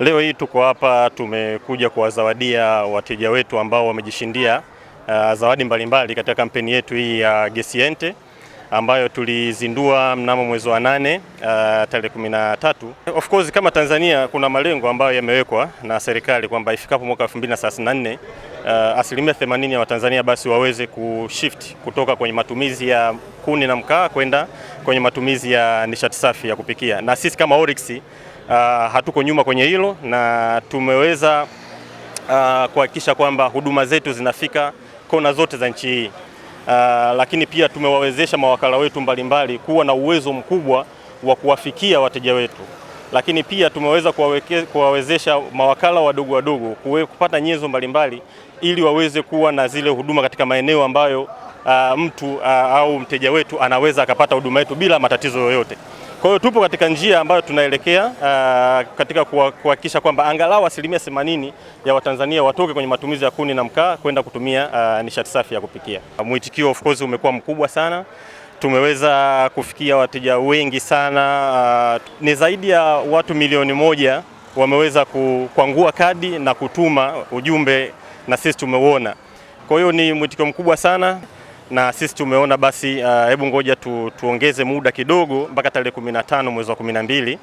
Leo hii tuko hapa, tumekuja kuwazawadia wateja wetu ambao wamejishindia uh, zawadi mbalimbali katika kampeni yetu hii ya Gesiente ambayo tulizindua mnamo mwezi wa nane uh, tarehe 13. Of course kama Tanzania kuna malengo ambayo yamewekwa na serikali kwamba ifikapo mwaka 2034 uh, asilimia 80 ya Watanzania basi waweze kushift kutoka kwenye matumizi ya kuni na mkaa kwenda kwenye matumizi ya nishati safi ya kupikia, na sisi kama Oryx uh, hatuko nyuma kwenye hilo na tumeweza uh, kuhakikisha kwamba huduma zetu zinafika kona zote za nchi hii. Uh, lakini pia tumewawezesha mawakala wetu mbalimbali kuwa na uwezo mkubwa wa kuwafikia wateja wetu, lakini pia tumeweza kuwawezesha mawakala wadogo wadogo kupata nyenzo mbalimbali ili waweze kuwa na zile huduma katika maeneo ambayo uh, mtu uh, au mteja wetu anaweza akapata huduma yetu bila matatizo yoyote. Kwa hiyo tupo katika njia ambayo tunaelekea uh, katika kuhakikisha kwamba angalau asilimia 80 ya Watanzania watoke kwenye matumizi ya kuni na mkaa kwenda kutumia uh, nishati safi ya kupikia. Mwitikio of course umekuwa mkubwa sana, tumeweza kufikia wateja wengi sana uh, ni zaidi ya watu milioni moja wameweza kukwangua kadi na kutuma ujumbe na sisi tumeuona. Kwa hiyo ni mwitikio mkubwa sana na sisi tumeona basi, uh, hebu uh, ngoja tu, tuongeze muda kidogo mpaka tarehe 15 mwezi wa 12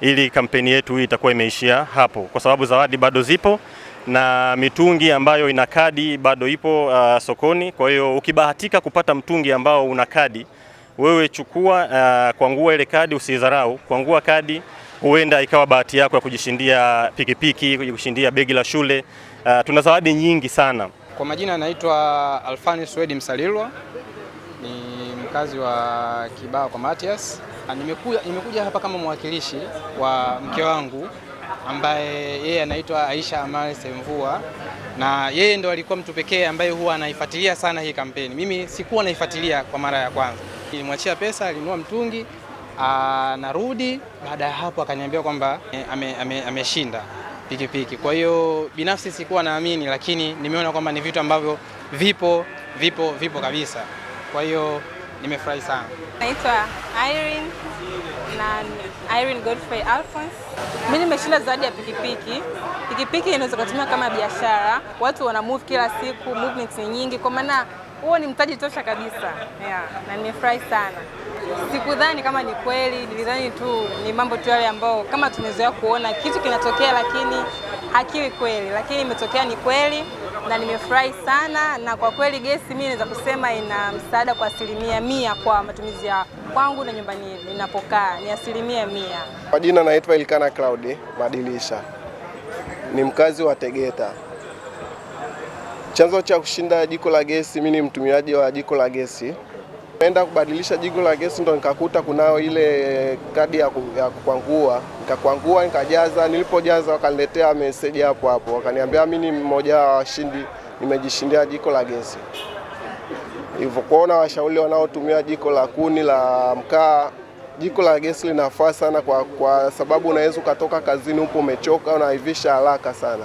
ili kampeni yetu hii itakuwa imeishia hapo, kwa sababu zawadi bado zipo na mitungi ambayo ina kadi bado ipo uh, sokoni. Kwa hiyo ukibahatika kupata mtungi ambao una kadi, wewe chukua, uh, kwangua ile kadi, kwa kwangua kadi huenda ikawa bahati yako ya kujishindia pikipiki, kujishindia begi la shule. Uh, tuna zawadi nyingi sana. Kwa majina anaitwa Alfani Swedi Msalilwa, ni mkazi wa Kibao kwa Matias. Nimekuja, nimekuja hapa kama mwakilishi wa mke wangu ambaye yeye anaitwa Aisha Amali Semvua, na yeye ndo alikuwa mtu pekee ambaye huwa anaifuatilia sana hii kampeni. Mimi sikuwa naifuatilia kwa mara ya kwanza, nilimwachia pesa, alinunua mtungi, anarudi baada ya hapo akaniambia kwamba ameshinda ame, ame pikipiki. Kwa hiyo binafsi sikuwa naamini, lakini nimeona kwamba ni vitu ambavyo vipo vipo vipo kabisa. Kwa hiyo nimefurahi sana. Naitwa Irene na Irene Godfrey Alphonse. Mimi nimeshinda zawadi ya pikipiki. Pikipiki inaweza kutumika kama biashara, watu wana move kila siku, movements ni nyingi, kwa maana huo ni mtaji tosha kabisa yeah. Na nimefurahi sana, sikudhani kama ni kweli, nilidhani tu ni mambo tu yale ambayo kama tumezoea kuona kitu kinatokea lakini hakiwi kweli, lakini imetokea ni kweli na nimefurahi sana. Na kwa kweli gesi, mimi naweza kusema ina msaada kwa asilimia mia kwa matumizi ya kwangu na nyumbani ninapokaa ni asilimia mia. Kwa jina naitwa Ilkana Claudi Madilisha, ni mkazi wa Tegeta. Chanzo cha kushinda jiko la gesi, mimi ni mtumiaji wa jiko la gesi. Nimeenda kubadilisha jiko la gesi ndo nikakuta kunao ile kadi ya kukwangua, nikakwangua nikajaza. Nilipojaza wakaniletea message hapo hapo, wakaniambia mimi ni mmoja wa washindi, nimejishindia jiko la gesi. Hivyo kuona washauri wanaotumia jiko la kuni la mkaa, jiko la gesi linafaa sana kwa, kwa sababu unaweza ukatoka kazini, upo umechoka, unaivisha haraka sana.